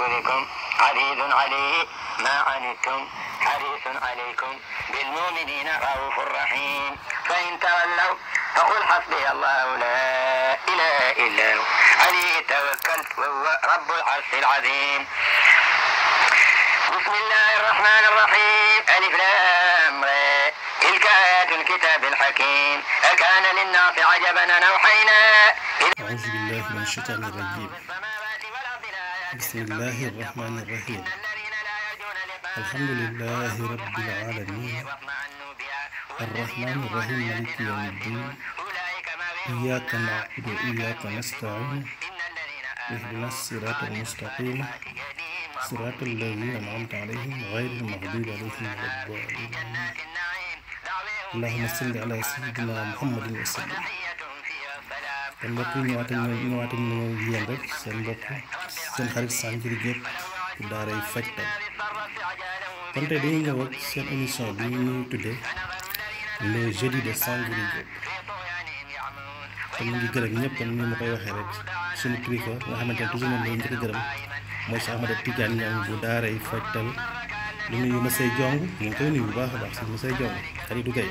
بكم عزيز عليه ما عنتم حريص عليكم بالمؤمنين رؤوف رحيم فإن تولوا فقل حسبي الله لا إله إلا هو عليه توكلت وهو رب العرش العظيم بسم الله الرحمن الرحيم ألف لام تلك آيات الكتاب الحكيم أكان للناس عجبا أوحينا أعوذ بالله من الشيطان الرجيم بسم الله الرحمن الرحيم الحمد لله رب العالمين الرحمن الرحيم مالك يوم الدين إياك نعبد وإياك نستعين اهدنا الصراط المستقيم صراط الذين أنعمت عليهم غير المغضوب عليهم ولا الضالين اللهم صل على سيدنا محمد وسلم kon mbokk yi ñëwaat nañu ñëwaat nañu yéen seen xarit Sankiri Diop bu daaray fajtal kon tey dañuy ñëw ak seen émission bi ñuy tuddee les jeudi de Sankiri Diop kon ñu ngi gërëm ñëpp comme ni ma koy waxee rek suñu kilifa nga xamante ne toujours moom la ñu njëkk a gërëm mooy sa Ahmada Tidiane Niang bu daara yi daaray fajtal di nuyu Massey Jong ñu ngi koy nuyu bu baax a baax si Massey Jong xaritu gay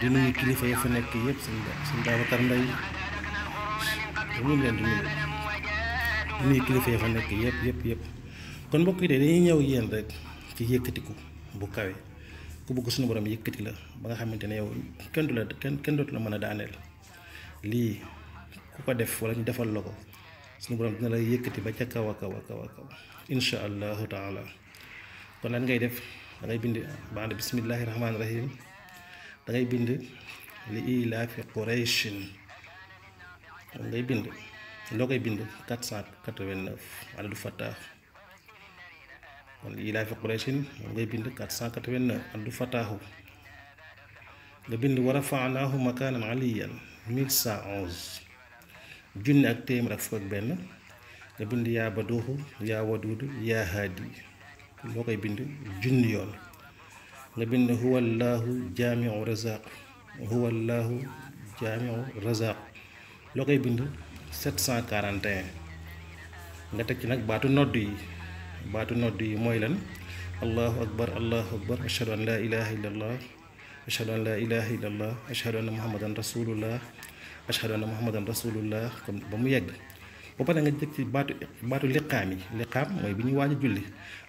di nuyu kilifa ya fa nekk yëpp suñu suñu Babacar Mbaye ñu ngi leen di nuyu di nuyu kilifa fa nekk yëpp yëpp kon mbokk yi de dañuy ñëw yéen rek ci yëkkatiku bu kawe ku bëgg suñu borom yëkkati la ba nga xamante ne yow kenn du la kenn kenn dootu la mën a daaneel lii ku ko def wala ñu defal la ko suñu borom dina la yëkkati ba ca kaw a kaw a kaw a kaw incha allahu taala kon lan ngay def da ngay bind baand bismillahi rahmaani rahim da ngay bind li ilaafi qurayshin da ngay bind loo koy bind 489 adadu fata kon lii laay fi Qurayshin moom ngay bind nga bind wa rafanaahu makaanan aliyan 1111 ak téeméer ak fukk ak benn nga bind yaa baduuxu yaa waduudu yaa haadi loo koy bind junni yoon nga bind huwallaahu jaamiu razaq huwallaahu jaamiu razaq loo koy bind 741 nga teg ci nag baatu nodd yi baatu nodd yi mooy lan allahu akbar allahu akbar ashhadu an laa ilaha illa allah ashhadu an laa ilaha illa allah ashhadu anna muhammadan rasulullah ashhadu anna muhammadan rasulullah kon ba mu yegg ba pare nga jëkk ci baatu baatu liqaam yi liqaam mooy bi ñu waaj a julli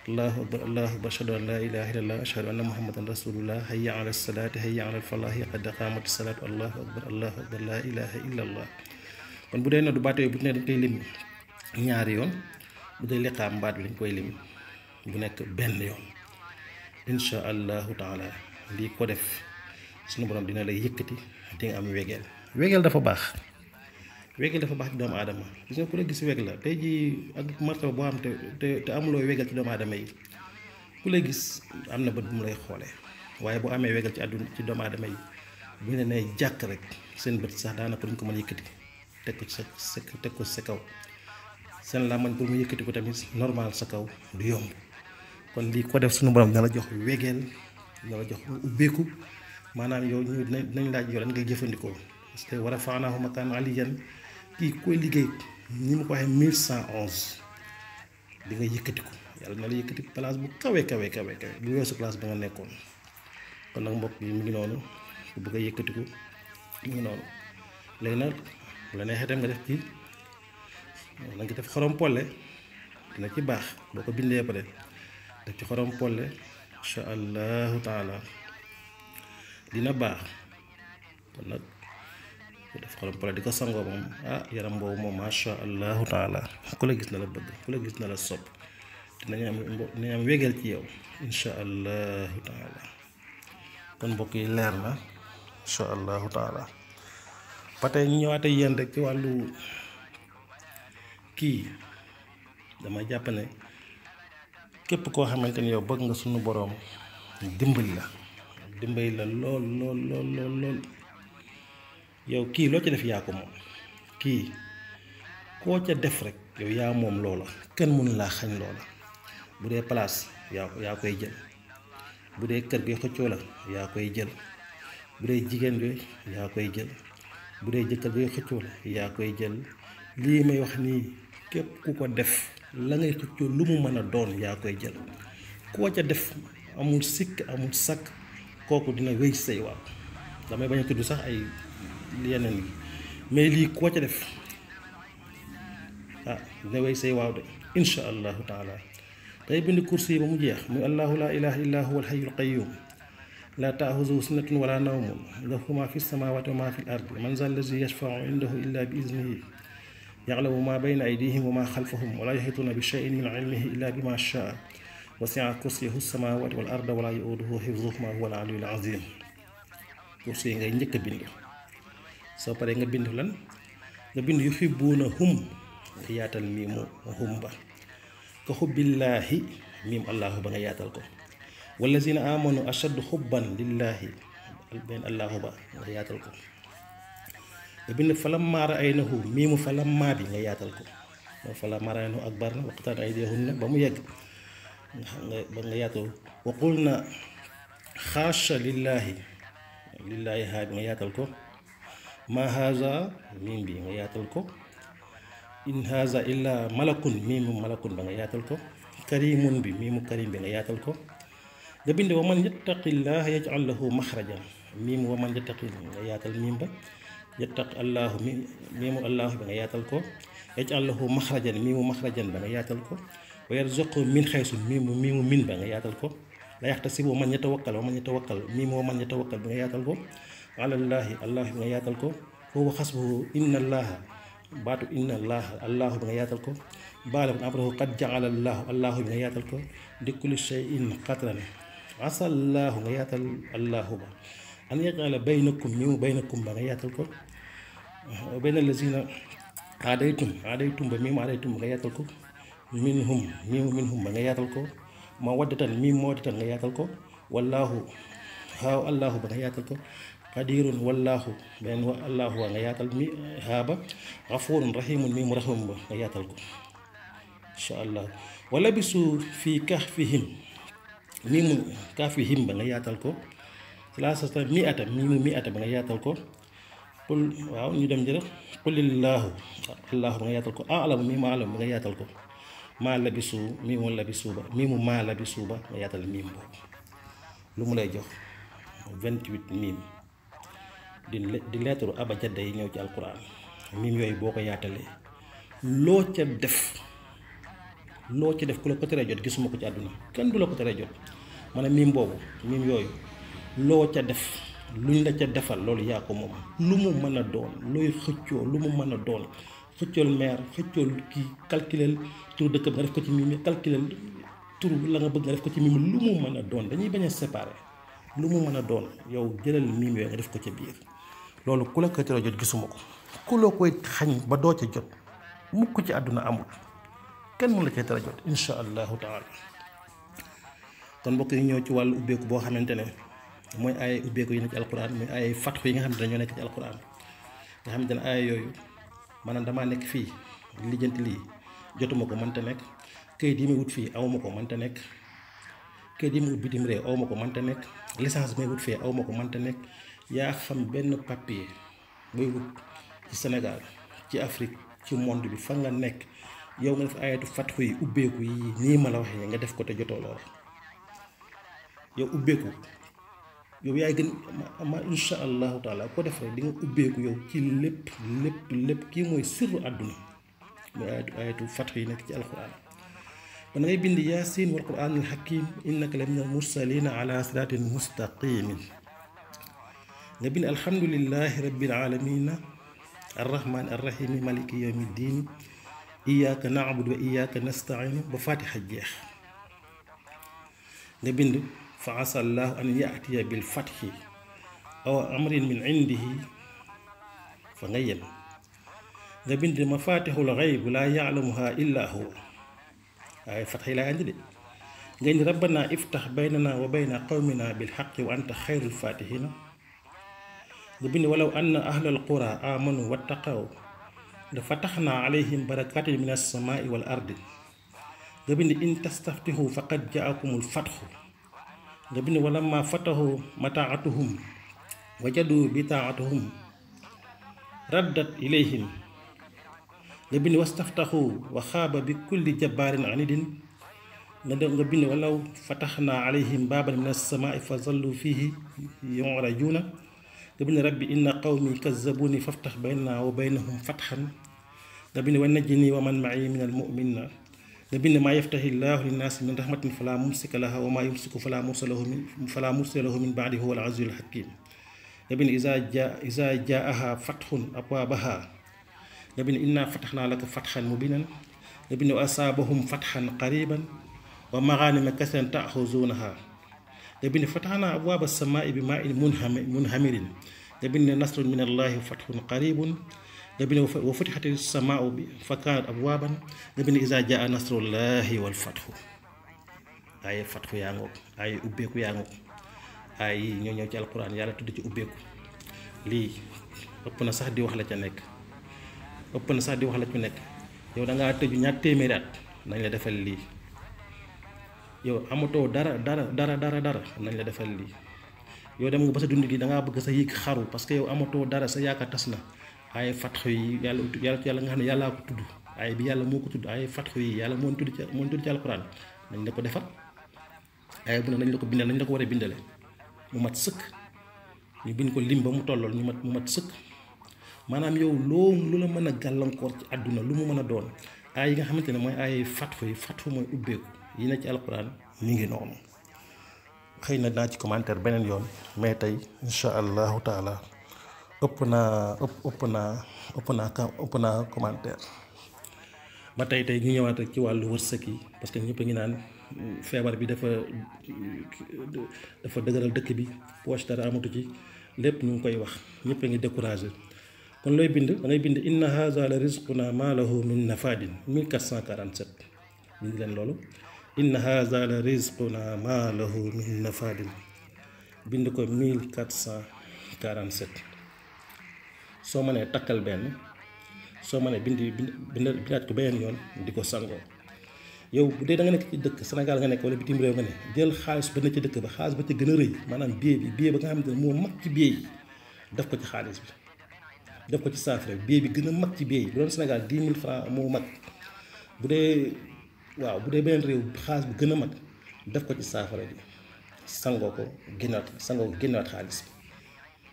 allahu akbar allahu akbar ashhadu an laa ilaha illallah ashhadu anna muhammadan rasulullah hayya ala salaati hayya ala alfalahi qad qaamat salaatu allahu akbar allahu akbar laa ilaha illallah kon bu dee noddu baat yooyu bu ne dañ koy lim ñaari yoon bu dee liqaam baat bi dañ koy lim bu nekk benn yoon insha allahu taala lii ko def suñu borom dina lay yëkkati di am wegeel wegeel dafa baax wegeel dafa baax ci doomu aadama gis nga ku la la tey jii ak boo am te amuloo wegeel ci doomu ku lay gis am na bët bu mu lay xoolee waaye boo amee wegeel ci àdduna ci doomu aadama yi bu ne nee jàkk rek seen bët sax daanaka duñ ko mën a yëkkati teg sa teg ko ci sa kaw pour mu yëkëti ko tamit normal sa kaw du yomb kon li ko def suñu borom dana jox wegeel dana jox ubbeku manam yow ñu dinañ laaj yow lan nga jëfëndiko parce que wara a faanaahu aliyan ki ko liggéey ni mu ko waxe 1111 di nga yëkëti ko yalla na la yëkëti place bu kawé kawé kawé kawé bu weesu place ba nga nekkoon kon nak mbokk yi mi ngi nonu bu bëgg yëkëti ko mi ngi nonu léegi bu la neexee tam nga def ci na nga def xorom polle dina ci baax boo ko bindee pare def ci xorom polle incha allahu taala dina baax kon nag ku def xorom polle di ko sangoo moom ah yaram boobu moom macha allahu taala ku la gis na la bëgg ku la gis na la sopp dinañ am dinañ am wégel ci yow incha allahu taala kon mbokk yi leer na incha allahu taala ba ñu ñëwaat ak rekk ci wàllu kii dama jàpp ne képp koo xamante ni yow bëgg nga suñu boroom dimbali la dimbali la lool lool lool lool yow kii loo ci def yaa ko moom kii koo ca def rek yow yaa moom loola kenn mënu laa xañ loola bu dee place yaa yaa koy jël bu dee kër gi xëccoo la yaa koy jël bu dee jigéen yooyu yaa koy jël bu dee jëkkër bi nga xëccoo la yaa koy jël lii may wax nii képp ku ko def la ngay xëccoo lu mu mën a doon yaa koy jël koo ca def amul sikk amul sakk kooku dina wéy say waaw damay bañ a tudd sax ay yeneen yi mais lii koo ca def ah dina wéy say waaw de incha allahu taala day bind kursi ba mu jeex muy allahu laa ilaha illa huwa alxayyul qayyum لا تأخذه سنة ولا نوم له ما في السماوات وما في الأرض من ذا الذي يشفع عنده إلا بإذنه يعلم ما بين أيديهم وما خلفهم ولا يحيطون بشيء من علمه إلا بما شاء وسع كرسيه السماوات والأرض ولا يؤوده حفظهما هو العلي العظيم كرسي ngay نيك بيند سو paré غا بيند لان غا بيند يحبونهم hibuna hum nga با كحب الله ميم الله بغا ياتل كو والذين آمنوا أشد حبا لله بين الله ba nga yaatal ko nga bind falammaa ra'aynahu miimu falammaa bi nga yaatal ko moo falammaa ra'aynahu akbarna waqtaan aydiyahunna ba mu yegg nga xam nga ba nga yaatal wa qulna xaasha lillahi lillahi haa bi nga yaatal ko ma haza miim bi nga yaatal ko in haza illa malakun miimu malakun ba nga yaatal ko karimun bi miimu karim bi nga yaatal ko nga bind wa man yattaqillah yaj'al lahu maxrajan miim wa man yattaqil nga yaatal miim ba yattaq allahu mi miimu allahu ba nga yaatal ko yaj'al lahu maxrajan miimu maxrajan ba nga yaatal ko wa yarzuqhu min xaysu miimu miimu min ba nga yaatal ko la yaxtasib wa man yatawakkal wa man yatawakkal miimu wa man yatawakkal ba nga yaatal ko alallahi allahu bi nga yaatal ko huwa xasbuhu inna allaha baatu inna allaha allahu bi nga yaatal ko baala bu abrahu qad ja'ala allahu allahu bi nga yaatal ko di kulli shay'in qadran عسى الله غيات هو أن يجعل بينكم وبينكم الكل وبين الذين عاديتم عاديتم بميم عاديتم الكل منهم ميم منهم بغياتكم مودة ميم مودة الكل والله هاو الله الكل قدير والله بين الله غيات هابا غفور رحيم ميم رحم الكل إن شاء الله ولبسوا في كهفهم mi mu kaafu himba nga yaatal ko salaasata mi atam mi mu mi atam nga yaatal ko qul waaw ñu dem jërë qulillaahu allaahu ba nga yaatal ko alamu mi mu alamu ba nga yaatal ko maa labisu mi mu labisu ba mi mu maa labisu ba nga yaatal miim boobu lu mu lay jox vingt-huit miim di di lettre abajada yi ñëw ci alquran miim yooyu boo ko yaatalee loo ca def loo ca def ku la ko teree jot gisuma ko ci àdduna kenn du la ko teree jot ma ne miim boobu miim yooyu loo ca def lu ñu la ca defal loolu yaa ko moom lu mu mën a doon looy xëccoo lu mu mën a doon xëccool maire xëccool kii calculel turu dëkk bi def ko ci miim yi calculel turu la nga bëgg nga ko ci miim lu mu mën a doon dañuy bañ a lu mu mën a doon yow jëlal miim yooyu nga def ko ca biir loolu ku la koy tere jot gisuma ko ku la koy xañ ba doo ca jot mukk ci àdduna amul kenn mën la koy tere jot incha allahu taala kon mbokk yi ñëw ci wàllu ubbeeku boo xamante ne mooy ay ubbeeku yi nekk ci alquran mooy ay fatxu yi nga xam ne dañoo nekk ci alquran nga xam ne ay yooyu maanaam damaa nekk fii lijjanti lii jotuma ko mënta nekk kayit yi may wut fii awma ko nekk kayit yi may wut bitim réew awma ko mënta nekk licence bi may wut fii awma ko mënta nekk yaa xam benn papier booy wut ci Sénégal ci Afrique ci monde bi fa nga nekk yow nga def ayatu fatxu yi ubbeeku yi nii ma la waxee nga def ko te jotoo lool yow ubbeeku yow yaay gën ma insha allahu taala ko def rek di nga ubbeeku yow ci lépp lépp lépp kii mooy sirru àdduna mooy ayatu ayatu fatx yi nekk ci alquran man ngay bind yaasin wal quran al hakim innaka la min al mursalina ala siratin mustaqimin nga bind alhamdulilahi rabbil alamina arrahmani arrahimi maliki yawmi ddin iyaaka naabudu wa iyaaka nastain ba fatiha jeex nga bind فعسى الله أن يأتي بالفتح أو أمر من عنده فغيّل ذا بند مفاتح الغيب لا يعلمها إلا هو أي فتح لا عندي لأن ربنا افتح بيننا وبين قومنا بالحق وأنت خير الفاتحين ذا بند ولو أن أهل القرى آمنوا واتقوا لفتحنا عليهم بركات من السماء والأرض ذا بند إن تستفتحوا فقد جاءكم الفتح لابن ولما فتحوا متاعتهم وجدوا بتاعتهم ردت إليهم لابن واستفتحوا وخاب بكل جبار عنيد لابن ولو فتحنا عليهم بابا من السماء فظلوا فيه يعرجون لابن ربي إن قومي كذبوني فافتح بيننا وبينهم فتحا لابن ونجني ومن معي من المؤمنين nga bind maa yaftahi llaahu linnaasi min rahmatin falaa mumsika laha wa maa yumsiku falaa mursalahu min falaa mursalahu min baadi huwa al azizul hakim nga bind izaa jaa izaa jaaha fathun abwaabaha nga bind inna fatahnaa laka fathan mubinan nga bind asaabahum fathan qariban wa maganima kasiran taaxuzuunaha nga bind fatahnaa abwaaba samaai bi maa in munhamirin nga bind nasrun min allaahi fathun qaribun جبنا وفتحت السماء فكانت أبوابا جبنا إذا جاء نصر الله والفتح ay fatxu yaa ngoog ay ubbeeku yaa ngoog ay ñoo ñëw ci alquran yàlla tudd ci ubbeeku lii ëpp na sax di wax la ca nekk ëpp na sax di wax la ca nekk yow da ngaa tëju ñaar téeméeri at nañ la defal lii yow amatoo dara dara dara dara dara nañ la defal lii yow dem nga ba sa dund gi da ngaa bëgg sa yëg xaru parce que yow amatoo dara sa yaakaar tas ay fatxu yi yàlla yalla yalla nga xamne yalla ko tuddu ay bi yalla moko tuddu ay fatxu yi yalla mo tuddu ci mo tuddu ci alquran nañ la ko defal ay bu nañ la ko bindal nañ la ko wara bindale mu mat seuk ñu bind ko limba mu tollol ñu mat mu mat seuk manam yow lo lu la mën a gàllankoor ci aduna lu mu mën doon ay yi nga xamante ne ay fatxu yi moy ubbe ko yi na ci alquran mi ngi non xeyna na ci commentaire benen yoon mais tay inshallah taala ëpp naa ëpp naa ëpp naa ëpp naa commentaire ba tey tey ñu ñëwaat rek ci wàllu wërsëg yi parce que ñëpp ngi naan feebar bi dafa dafa dëgëral dëkk bi poche dara amatu ci lépp ñu ngi koy wax ñëpp a ngi découragé kon looy bind da bind inna haza la rizquna ma lahu min nafadin 1447 bind leen loolu inna haza la rizquna bind ko 1447 soo mënee takkal benn soo mënee bind bind bindaat ko beneen yoon di ko sangoo yow bu dee da nga nekk ci dëkk Sénégal nga nekk wala bitim réew nga ne jël xaalis ba ne ci dëkk ba xaalis ba ci gën a rëy maanaam billet bi billet ba nga xamante ne moo mag ci billet yi def ko ci xaalis bi def ko ci saafara billet bi gën a mag ci billet yi bu doon Sénégal 10 000 francs moo mag bu dee waaw bu dee beneen réew xaalis bu gën a mag def ko ci saafara bi sangoo ko génnaat sangoo ko génnaat xaalis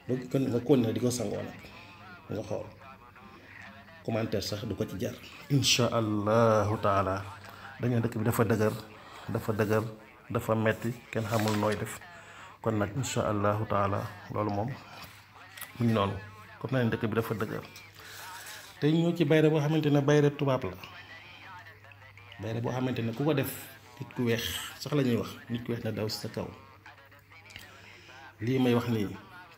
bi ba kon nga kon ne di ko sangoo nag nga xool commentaire sax du ko ci jar insha allahu taala dañu dëkk bi dafa dëgër dafa dëgër dafa metti kenn xamul nooy def kon nag insha allahu taala loolu moom mu ngi noonu kon naa ne dëkk bi dafa dëgër tey ñëw ci bayre boo xamante ne bayre tubaab la bayre boo xamante ne ku ko def nit ku weex sax la ñuy wax nit ku weex na daw sa kaw lii may wax nii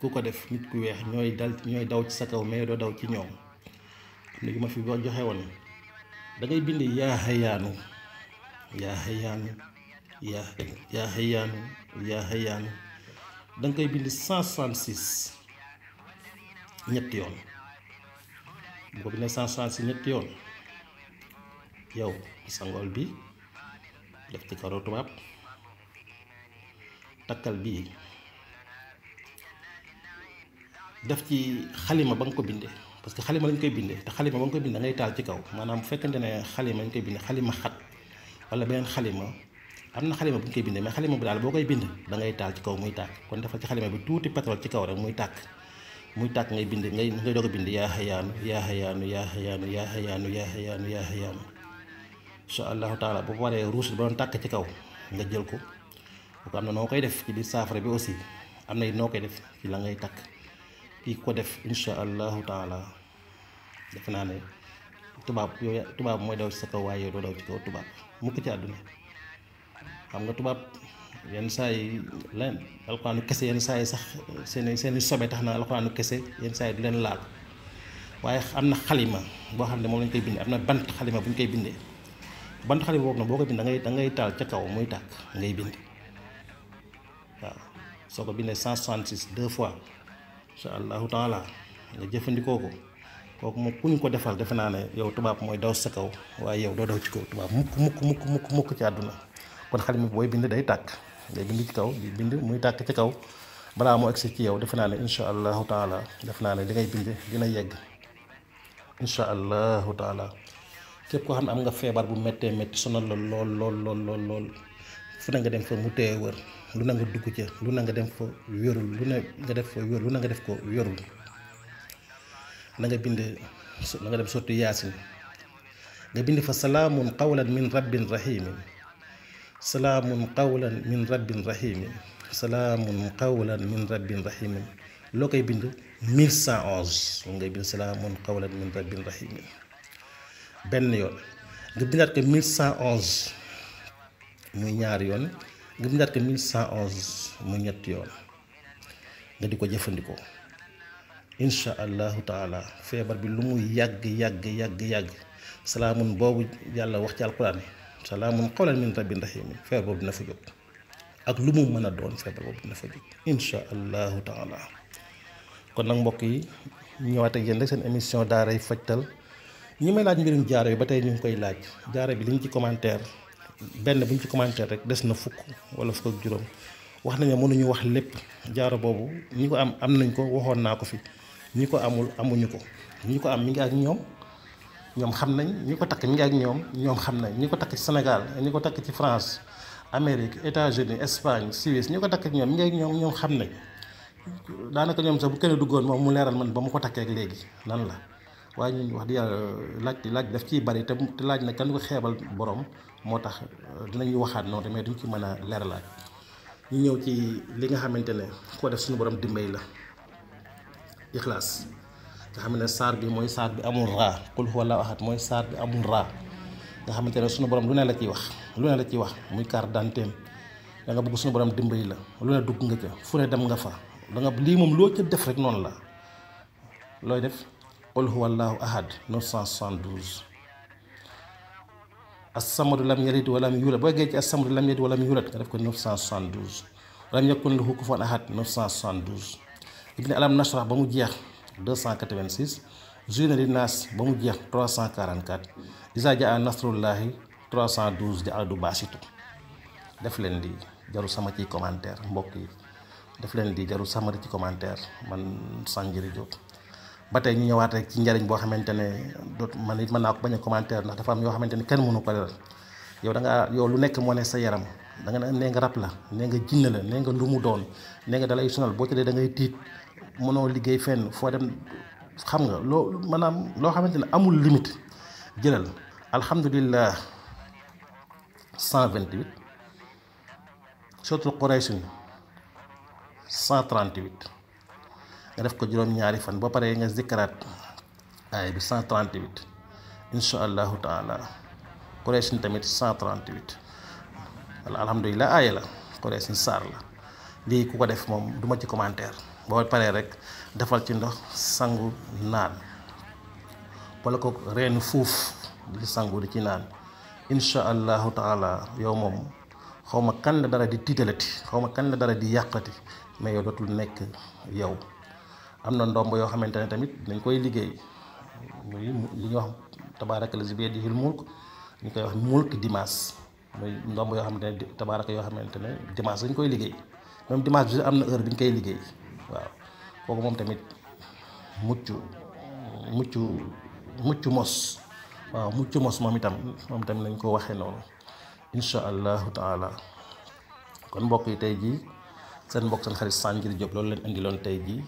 ku ko def nit ku wex ñoy dal ñoy daw ci sa kaw mais doo daw ci ñoom am na ma fi joxe won da ngay bind ya xayaanu ya xayaanu ya ya xayaanu ya xayaanu da ngay bind 166 ñet yoon bu ko bind 166 ñet yoon yow sangool bi def ci karotu map takal bi def ci xalima ba nga ko bindee parce que xalima lañ koy bindee te xalima ba nga koy bindee ngay taal ci kaw maanaam bu fekkente ne xalima lañ koy bindee xalima xat wala beneen xalima am na xalima bu ñu koy bindee mais xalima bi daal boo koy bind da ngay taal ci kaw muy tàkk kon defal ci xalima bi tuuti pétrole ci kaw rek muy tàkk muy tàkk ngay bind ngay ngay doog a bind yaa xayaanu yaa xayaanu yaa xayaanu yaa xayaanu yaa xayaanu yaa xayaanu incha allahu taala bu waree ruus ba doon tàkk ci kaw nga jël ko bu ko am na noo koy def ci biir saafara bi aussi am na it noo koy def ci la ngay tàkk ki ko def insha allahu taala defe naa ne tubaab yooyu tubaab mooy daw ci sa kaw waaye yow doo daw ci kaw tubaab mukk ci àdduna xam nga tubaab yenn saay yi leen alxuraanu kese yenn saay sax seeni seeni sobe tax na alxuraanu kese yenn saay yi du leen laal waaye am na xalima boo xam ne moom lañ koy bindee am na bant xalima bu ñu koy bindee bant xalima boobu nag boo ko bind dangay taal ca kaw muy tàkk ngay bind waaw soo ko bindee 166 deux fois insha allahu taala nga jëfandikoo ko kooku moom ku ñu ko defal defe naa ne yow tubaab mooy daw sa kaw waaye yow doo daw ci kaw tubaab mukk mukk mukk mukk mukk ci àdduna kon mi booy bind day tàkk day bind ci kaw di bind muy tàkk ci kaw balaa moo egsi ci yow defe naa ne insha allahu taala defe naa ne dangay ngay bind dina yegg insha allahu taala képp koo xam ne am nga feebar bu méttee metti sonal la lool lool lool lool fu ne nga dem fa mu tee wër lu na nga dugg ca lu na nga dem fa yorul lu na nga def fa yorul lu na nga def ko yorul na bind na nga dem sotti yaasin nga bind fa salaamun qawlan min rabbin rahimin salaamun qawlan min rabbin rahimin salaamun qawlan min rabbin rahimin loo koy bind 1111 ngay bind salaamun qawlan min rabbin rahimin benn yoon nga bindaat ko 1111 muy ñaar yoon nga bindaat ko 1111 mu ñett yoon nga di ko jëfandikoo incha allahu taala feebar bi lu mu yàgg yàgg yàgg yàgg salaamun boobu yàlla wax ci alquran salaamun qawlan min rabbin rahim feebar boobu dina fa jóg ak lu mu mën a doon feebar boobu dina fa jóg incha allahu taala kon nag mbokk yi ñëwaat ak yéen rek seen émission daaray fajtal ñi may laaj mbirum jaaro yi ba tey ñu ngi koy laaj jaaro bi li liñ ci commentaire benn bu ñu ci commenté rek des na fukk wala fukk ak juróom wax nañu mënuñu wax lépp jaaro boobu ñi ko am am nañ ko waxoon naa ko fi ñi ko amul amuñu ko ñi ko am mi ngi ak ñoom ñoom xam nañ ñi ko takk mi ngi ñoom ñoom xam nañ ñi ko takk ci Sénégal ko takk ci France Amérique États-Unis Espagne Suisse ñi ko takk ak ñoom mi ñoom xam nañ daanaka ñoom sax bu kenn duggoon moom mu leeral man ba mu ko takkee ak léegi nan la. waaye ñun wax di yàlla laaj laaj def ciy bari te te laaj na kan ko xeebal borom moo tax dina ñuy waxaat noonu mais duñ ci mën a leeralaat ñu ñëw ci li nga xamante ne koo def suñu borom dimbay la ixlaas xam ne saar bi mooy saar bi amul raa mooy saar bi amul raa nga xamante ne suñu borom lu ne la ciy wax lu la ciy wax muy carte d'identité da nga bëgg suñu borom dimbay la lu dugg nga ca fu ne nga fa da lii moom loo ca def noonu la looy def. qul huwa allahu ahad 972 assamadu lam yalid walam yulad boo géej ci assamadu lam yalid walam yulad nga def ko 972 lam yakun lahu kufuwan ahad 972 ibni alam nashrah ba mu jeex 286 zuyna li naas ba mu jeex 344 isa jaa nasrullahi 312 di aladu baasitu def leen di jaru sama ci commentaire mbokk yi def leen di jaru sama ci commentaire man Sandjiri Diop batay ñu ñëwaat rek ci njariñ boo xamantene dot man it mën naa ko bañ a commentaire ndax dafa am yoo xamantene kenn mënu ko leeral yow da nga yow lu nekk moo ne sa yaram da nga ne nga rab la ne nga jinn la ne nga lu mu doon ne nga dalay sunal boo ci da ngay tiit mënoo liggéey fenn foo dem xam nga loo maanaam loo xamantene amul limite jëlal alhamdulillah 128 sotul quraysin 138 nga def ko juróom-ñaari fan ba pare nga zikkaraat aay bi 138 incha allahu taala Quraysin tamit 138 wala alhamdulilah aaya la Quraysin saar la lii ku ko def moom duma ci commentaire boo paree rek defal ci ndox sangu naan wala ko reenu fuuf di sangu di ci naan incha allahu taala yow moom xaw ma kan la dara di tiitalati xaw ma kan la dara di yàqati mais yow nekk yow am na ndomb yoo xamante ne tamit dañ koy liggéey muy li ñuy wax tabaaraka lazi biyadihil mulk ñu koy wax mulk dimaas muy ndomb yoo xamante ne tabarak yoo xamante ne dimanche lañ koy liggéey même dimanche bi am na heure bi ñu koy liggéey waaw kooku moom tamit mucc mucc mucc mos waaw mucc mos moom itam moom itam nañ ko waxee noonu incha allahu taala kon mbokk yi tey jii seen mbokk seen xarit Sandjiri Diop loolu leen indiloon tey jii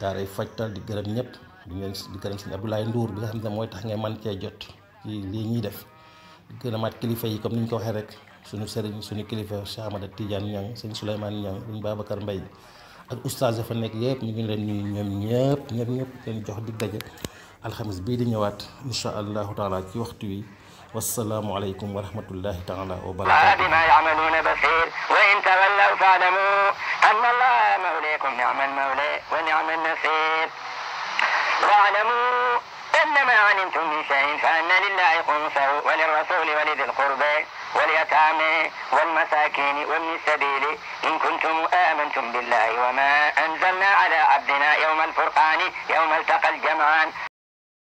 daaray fajtal di gërëm ñëpp di ngeen di gërëm sëñ Abdoulaye Ndour bi nga xam ne mooy tax ngeen man cee jot ci li ñuy def di gërëmaat kilifa yi comme niñ ko waxee rek suñu sëriñ suñu kilifa Cheikh Ahmada Tidiane Niang sëñ Souleymane Niang sëñ Babacar Mbaye ak oustaz ya fa nekk yépp ñu ngi leen nuyu ñoom ñëpp ñëpp ñëpp leen jox dig daje alxamis bii di ñëwaat insha allah taala ci waxtu wi والسلام عليكم ورحمة الله تعالى وبركاته بما يعملون بصير وإن تولوا فاعلموا أن الله مولاكم نعم المولى ونعم النصير واعلموا إنما علمتم من شيء فأن لله خمسه وللرسول ولذي القربى واليتامى والمساكين وابن السبيل إن كنتم آمنتم بالله وما أنزلنا على عبدنا يوم الفرقان يوم التقى الجمعان